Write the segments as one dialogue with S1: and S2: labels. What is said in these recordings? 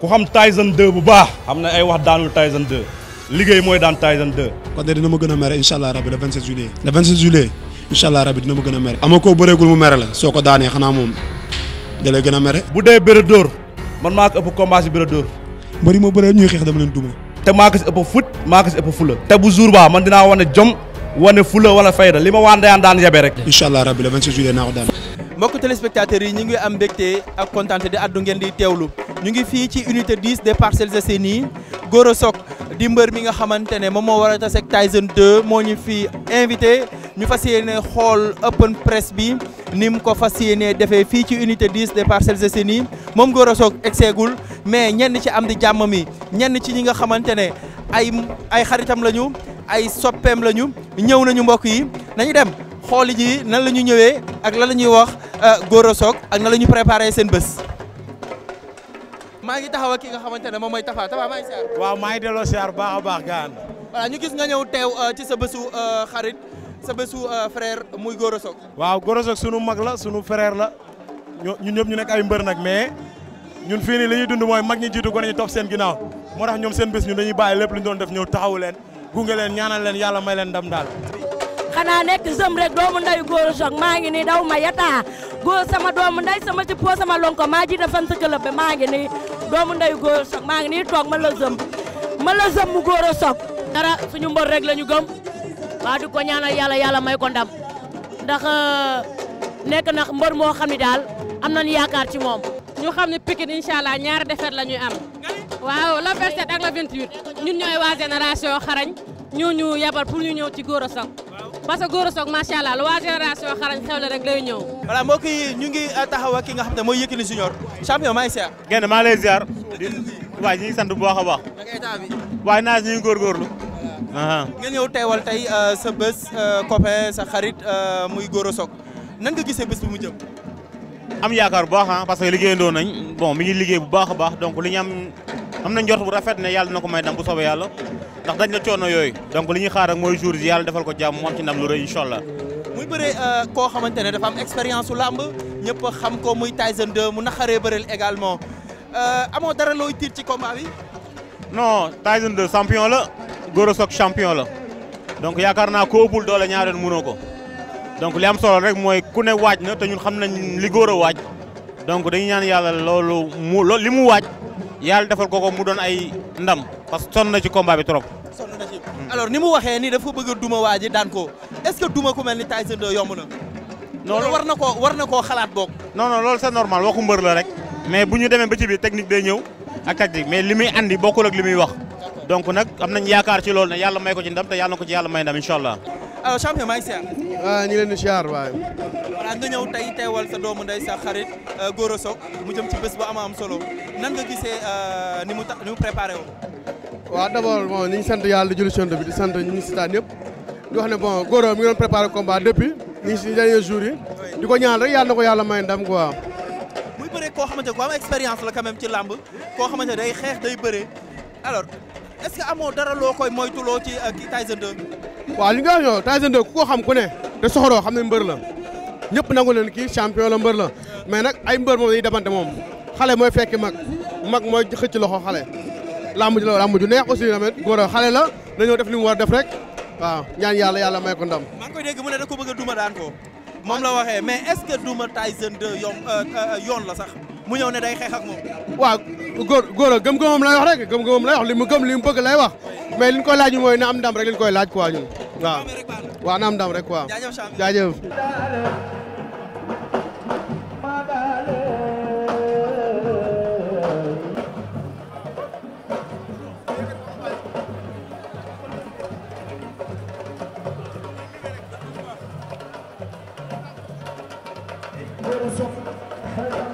S1: ku xam Tyson 2 bu baax xam na ay wax daanul Tyson 2 liggéey mooy daan Tyson 2 kon de dina ma gën a mere incha allah rabi le 27 juillet le 27 juillet incha allah rabi dina ma gën a mere ama koo bëreegul mu mere la soo ko daanee xanaa moom da lay mere bu dee bëre dóor man maa ko ëpp combat si bëre dóor mbëri ma bëree ñuy xeex dama leen duma te maa si ëpp fut maa si ëpp fula te bu jour baa man dinaa wane jom wane fula wala li ma waan dayaan daan yabe rek incha allah rabi le 27 juillet naa ko daan
S2: mbokk téléspectateurs yi ñu ngi fii ci unité 10 des Parcelles Assainies Gora Sock di mbër mi nga xamante ne moom moo war a tase ak Tyson 2 moo ñu fii invité ñu fas yéene xool open press bi ni mu ko fas yéene defee fii ci unité 10 des Parcelles Assainies moom Gora Sock egseegul mais ñenn ci am di jàmm mi ñenn ci ñi nga xamante ne ay ay xaritam lañu ay soppeem lañu ñëw nañu mbokk yi nañu dem xool ji nan la ñu ñëwee ak lan la ñuy wax euh, Gora Sock ak na la ñu préparé seen bés. maa ngi taxaw ak ki nga xamante ne moom mooy Tapha Tapha maa ngi siyaar. waaw maa ngi delloo siyaar baax a baax gaan. voilà ñu gis nga ñëw teew euh, ci sa bésu euh, xarit sa bésu euh, muy Gora
S3: waaw Gora sunu mag la sunu frère la ñun ñëpp ñu nekk ay mbër nag mais ñun fii nii li ñuy dund mag ñi jiitu gone ñu topp seen ginnaaw moo tax ñoom seen bés ñun dañuy bàyyi lépp lu ñu doon def ñëw taxawu leen gunge leen ñaanal leen yàlla may leen ndam daal.
S4: xanaa nekk sëm rek doomu nday Gora Sock maa ma yataa góor sama doomu nday sama ci po sama lonko maa doomu ndeyu góor soog maa ngi nii toog man la man la zëm mu góor a soog dara suñu mbër rek lañu gëm waa di ko ñaanal yàlla yàlla may ko ndam ndax euh, nekk nax mbër moo xam ne daal am nañu yaakaar ci moom. ñu xam ne Pikine incha allah ñaari defet la ñuy am waaw la 27 ak la 28 ñun ñooy waa génération xarañ ñoo ñu yabal pour ñu ñëw ci góor a soog parce que Gora Sock macha allah lu waa génération xarañ
S3: xew la rek lay ñëw. voilà mbokk yi ñu ngi euh, taxaw ak ki nga xam ne mooy Yékini Junior champion maa ngi ziar. génn maa lay ziar. waaw ñu ngi sant bu baax a baax. ak état bi. waaye góor ñu ngi góorgóorlu. nga
S2: ñëw teewal tey euh, sa bës euh, copain sa xarit muy góor a Sock
S3: nan nga gisee bés bi mu jëm. am yaakaar bu baax ah parce que liggéeyandoo nañ bon mi ngi liggéey bu baax a baax donc li am na njort bu rafet ne yàlla dina ko may ndam bu soobee yàlla ndax dañ la coono yooyu donc li ñuy xaar mooy jour yi yàlla defal ko jàmm mu am ci ndam euh,
S2: koo xamante ne dafa am expérience su làmb ñëpp xam ko muy Tyson 2 mu naxaree bëreel également
S3: euh, amoo dara looy tiir ci combat bi non Tyson 2 champion la Gora Sock champion la donc yaakaar naa ko ëppul doole ñaareel mënoo ko donc li am solo rek mooy ku ne waaj na te ñun xam nañ li góor a waaj donc dañu ñaan yàlla loolu li mu waaj yàlla defal ko ko mu doon ay ndam parce que sonn na ci combat bi trop. sonn ci alors ni mu waxee nii dafa bëgg a duma waa ji daan ko est ce duma ku mel ni Tyson 2 yomb na. non war na koo war na koo xalaat boog. non non loolu c'est normal waxu mbër la rek mais bu demee ba ci biir technique day ñëw ak tactique li muy andi bokkul ak li muy wax donc nag am nañ yaakaar ci loolu ne yàlla may ko ci ndam te yàlla na ko ci yàlla may ndam incha alors euh, champion maa ngi
S5: siyaar. waaw waaye.
S2: voilà ñëw tey teewal sa doomu ndey sa xarit euh, Gora Sock mu jëm ci bés bu am solo nan nga gisee euh, ni mu ni mu préparé woo.
S5: waaw d' abord bon ñu ngi sant yàlla di julli sant bi di sant ñu ngi sitaan ñëpp di wax ne bon Gora mi ngi doon préparé combat depuis ñu ngi si dernier jour yi. di ko ñaan rek yàlla na ko yàlla may ndam quoi.
S2: muy bëree koo xamante ne am expérience la quand même ci làmb koo xamante ne day xeex day bëree alors est ce que amoo
S5: waaw li nga wax yow Tyson 2 ku ko xam ku ne te soxoroo xam ne mbër la ñëpp nangu leen kii champion la mbër la mais nag ay mbër moom dañuy demante moom xale mooy fekki mag mag mooy xëcc loxo xale làmb ji la làmb ju neex aussi tamit góor a xale la dañoo def li mu war def rek waaw ñaan yàlla yàlla may ko ndam maa
S2: ngi koy dégg mu ne da ko bëgg a duma daan ko moom mais est-ce que duma Tyson euh, euh, yoon la sax mu ñëw ne day xeex ak moom
S5: waaw góor góor a gëm-gëmam lay wax rek gëm-gëmam lay wax li mu gëm li mu bëgg lay wax mais li ñu koy laaj ñu mooy na waaw waaw na am ndam rek waaw jaajëf Thank you.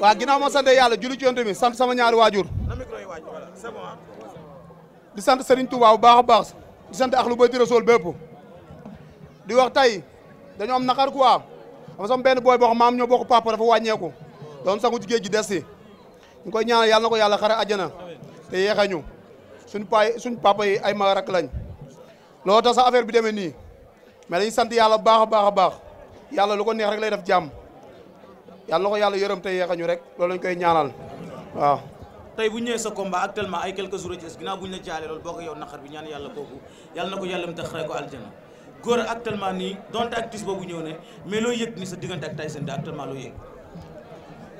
S1: waaw ginaa ma sante yàlla julli ci yonent sant sama ñaari waajur di sant Serigne Touba bu baax a baax di sant Ahlou Bayti Rasoul bépp di wax tey dañoo am naqar quoi am sama benn booy boo xam maam ñoo bokk papa dafa wàññeeku doon sangu ci géej gi des si ñu koy ñaar yàlla ko yàlla xare àjjana te yeexe ñu suñ pay suñ papa yi ay mag rak lañ loolu ta sax affaire bi demee nii mais ñu sant yàlla baax a baax a baax yàlla lu ko neex rek lay def jàmm yàlla na ko yàlla yërëm tey yeexañu rek loolu lañ koy ñaanal waaw
S4: tey bu ñëwee sa combat actuellement ay quelques jours ci des ginnaaw bu ñu la jaale loolu boo ko yow naqar bi ñaan yàlla kooku yàlla na ko yàlla mu tax xare ko aljana góor actuellement nii donte ak boobu ñëw ne mais loo yëg ni sa diggante
S1: ak Tyson de loo yëg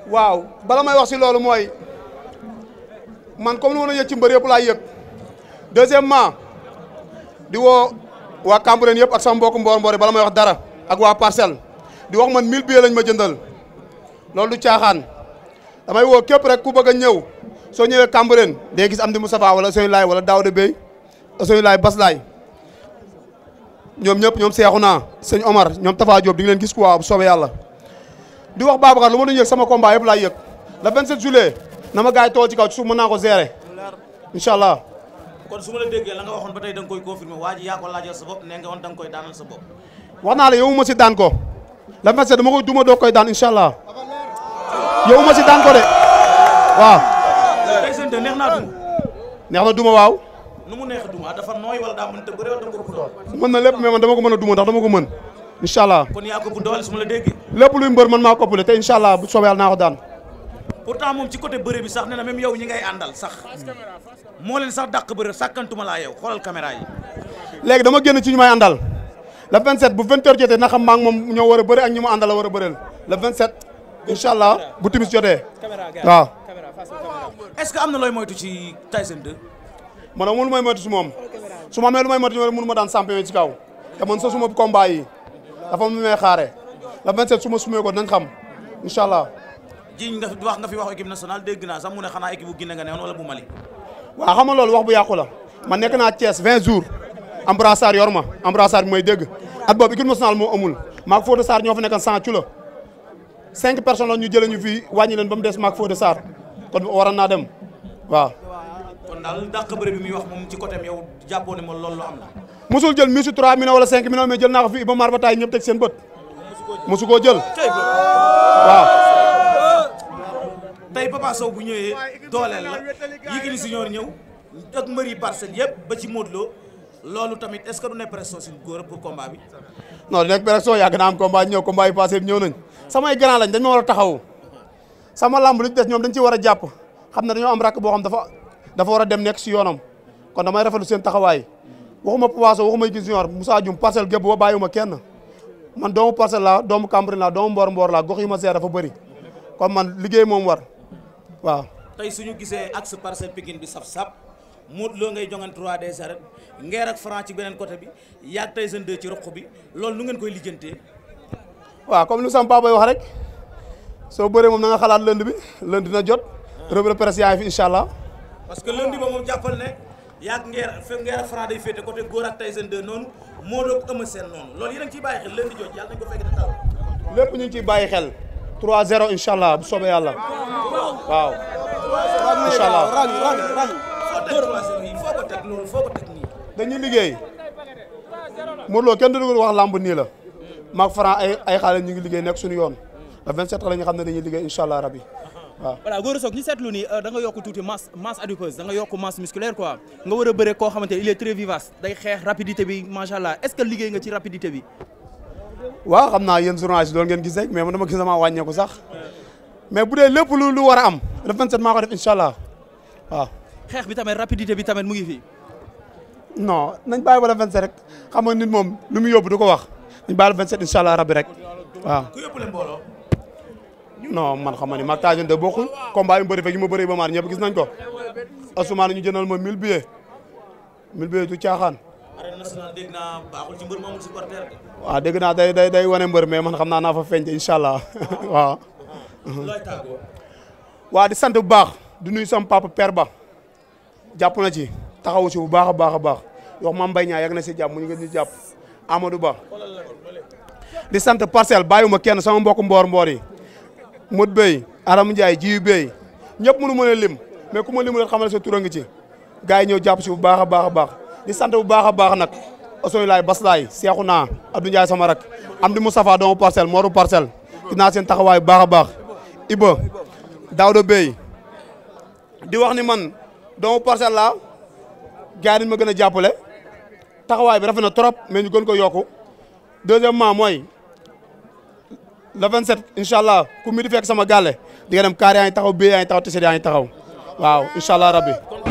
S1: waaw bala may wax si loolu mooy man comme lu mën yëg ci mbër yëpp yëg deuxièmement di woo waa Cambérène yëpp ak sama mbokk mboor bala may wax dara ak waa parcelle di wax man 1000 lañ ma jëndal loolu du caaxaan damay woo képp rek ku bëgg a ñëw soo ñëwee Cambérène day gis Amdi Moustapha wala Ousseynou Laye wala Daouda Bey Ousseynou Laye Bas Laye ñoom ñëpp ñoom seexu naa sëñ Omar ñoom Tafa Diop di ngeen gis quoi bu soobee yàlla di wax Babacar lu ma doon yëg sama combat yëpp laay yëg le 27 juillet na ma tool ci kaw ci suuf mën naa ko gérer incha allah.
S4: kon su ma la déggee la nga waxoon ba tey da koy confirmer waa ji yaa ko laajal sa nee nga koy daanal sa bopp.
S1: naa yow ma si daan ko le 27 koy duma doo koy yow ma si daan ko de waaw.
S4: Tyson 2 neex naa duma.
S1: neex na duma waaw.
S4: nu mu neex duma dafa nooy wala daa mën te bëre wala
S1: dama na lépp mais dama ko mën a duma ndax dama ko mën. incha allah
S4: kon yaa ko bu ma
S1: lépp luy mbër man maa ko ëppale te incha allah bu soobee yàlla naa ko daan.
S4: pourtant moom ci côté bëre bi sax nee na même yow ñi ngay àndal sax moo leen sax dàq bëre sàkkantuma laa yow xoolal caméra yi.
S1: léegi dama génn ci ñu may àndal le 27 bu 20h jotee na xam maa ngi moom ñoo war a bëre ak ñi ma war a bëreel le 27 incha allah bu timis jotee waaw. a ce que am na looy moytu ci Tyson 2. man amul may moytu si moom su ma amee lu may moytu si mënuma daan champion ci kaw te man sa suma combat yi dafa am lu may xaare la 27 su ma sumee ko dinañ xam incha allah.
S4: ji nga wax nga fi wax équipe nationale dégg naa sax mu ne xanaa équipe bu Guinée nga ne woon wala bu Mali.
S1: waaw xam nga loolu wax bu yàqu la nekk naa Thiès 20 jours embrassard yor ma embrassard bi may dégg at boobu équipe nationale moo amul maag Fodé Sarr ñoo fa nekkoon 100 ci la. cinq personnes la ñu jëlee ñu fii wàññi leen ba mu des maag Fodé Sarr kon waroon naa dem waaw.
S4: kon daal dàq bëri bi muy wax moom ci côté am yow jàppoo ne moom loolu lu am la.
S1: musul jël misu 3 millions wala 5 millions mais jël naa ko fi Iba Mar ba taay ñëpp teg koo jël
S4: waaw. tey Papa bu ñëwee dooleel la Yékini Junior ñëw ak mbër yi parcelles yëpp ba ci Modou Lo loolu tamit est-ce que du nekk pression suñu góor pour combat bi.
S1: non du nekk pression yàgg naa am combat ñëw combat yi passé ñëw nañ samay grand lañ dañ ma war a taxawu sama lamb li des ñoom dañ ci war a jàpp xam ne dañoo am rakk boo xam dafa dafa war a dem nekk si yoonam kon damay rafetlu seen taxawaay waxuma Poisson waxuma Yékini Junior Moussa Dioum parcelle gépp ba bàyyiwuma kenn man doomu parcelle la doomu Cambérène laa doomu mboor mboor laa gox yi ma seer dafa bari kon man liggéey moom war waaw.
S4: tey ñu gisee axe parcelle Pikine bi saf-saf Modou Lo ngay jongan 3 des arènes ci beneen côté bi yaag tey seen deux ci roq bi loolu nu ngeen koy lijjantee.
S1: waaw comme li sama papa wax rek soo bëree moom na xalaat lënd bi lënd dina jot. revue de presse fi incha
S4: parce que lënd ba moom jàppal ne yaag ngeer fekk ngeer Franc day féete côté góor ak Tyson seen noonu moo doog Eumeu Sène noonu loolu yéen a bàyyi xel lënd jooju yàlla
S1: lépp ñu ngi bàyyi xel. 3-0 incha allah bu soobee yàlla. waaw.
S4: incha allah ràññ foo ko teg
S1: dañuy liggéey. Modou Lo kenn du wax làmb nii la. maag Franc ay ay xale liggéey nekk suñu yoon le 27 la ñu xam ne dañuy liggéey incha allah rabi waaw voilà Gora Sock ñu ni euh, da nga tuuti
S2: masse masse adipeuse da nga musculaire quoi nga war a bëre koo xamante il est vivace day xeex rapidité
S1: bi macha allah est ce que liggéey nga ci rapidité bi waaw xam naa yéen journaliste loolu ngeen gis rek mais man dama gis dama wàññeeku sax mais bu dee lépp lu lu war a am le 27 maa def incha allah waaw bi tamit rapidité bi tamit mu ngi fi non nañ bàyyi ba le 27 rek lu mu yóbbu ko wax ñu baal 27 incha allah rek waaw. non man xamani nga ni mag Tyson de bokkul combat yu mu fekk ma bëri ba maar ñëpp gis nañ ko asumaan ñu jëndal ma 1000 billets 1000 billets du caaxaan. arène
S4: nationale naa baaxul ci mbër mu amul supporter.
S1: wane mbër mais man xam naa naa fa feeñ incha waa di sant bu baax du nuyu sama papa per ba jàpp na ci taxaw ci bu baax a baax a baax wax ma mbay ñaa yàgg na si jàpp mu ngi gën di jàpp. Amadou Ba di sant parcelle ma kenn sama mbokk mboor mboor yi mut béy aram Ndiaye jiyu béy ñëpp mënu ma a lim mais ku ma limu leen xamal sa tur ngi ci gars yi ñëw jàpp si bu baax a baax a baax di sant bu baax a baax nag osoy laay baslaay seexu naa Abdou Ndiaye sama rak am di Moustapha doomu parcelle mooru parcelle gis naa seen taxawaay bu baax a baax Iba Daouda Bey di wax ni man doomu parcelle laa gars yi ma gën a jàppale taxawaay bi rafe na trop mais ñu gën ko yokku deuxièmement mooy le 27 incha allah ku mi di fekk sama gàlle di dem kaar yaa ngi taxaw bi yaa ngi taxaw tiset yaa ngi taxaw waaw incha rabbi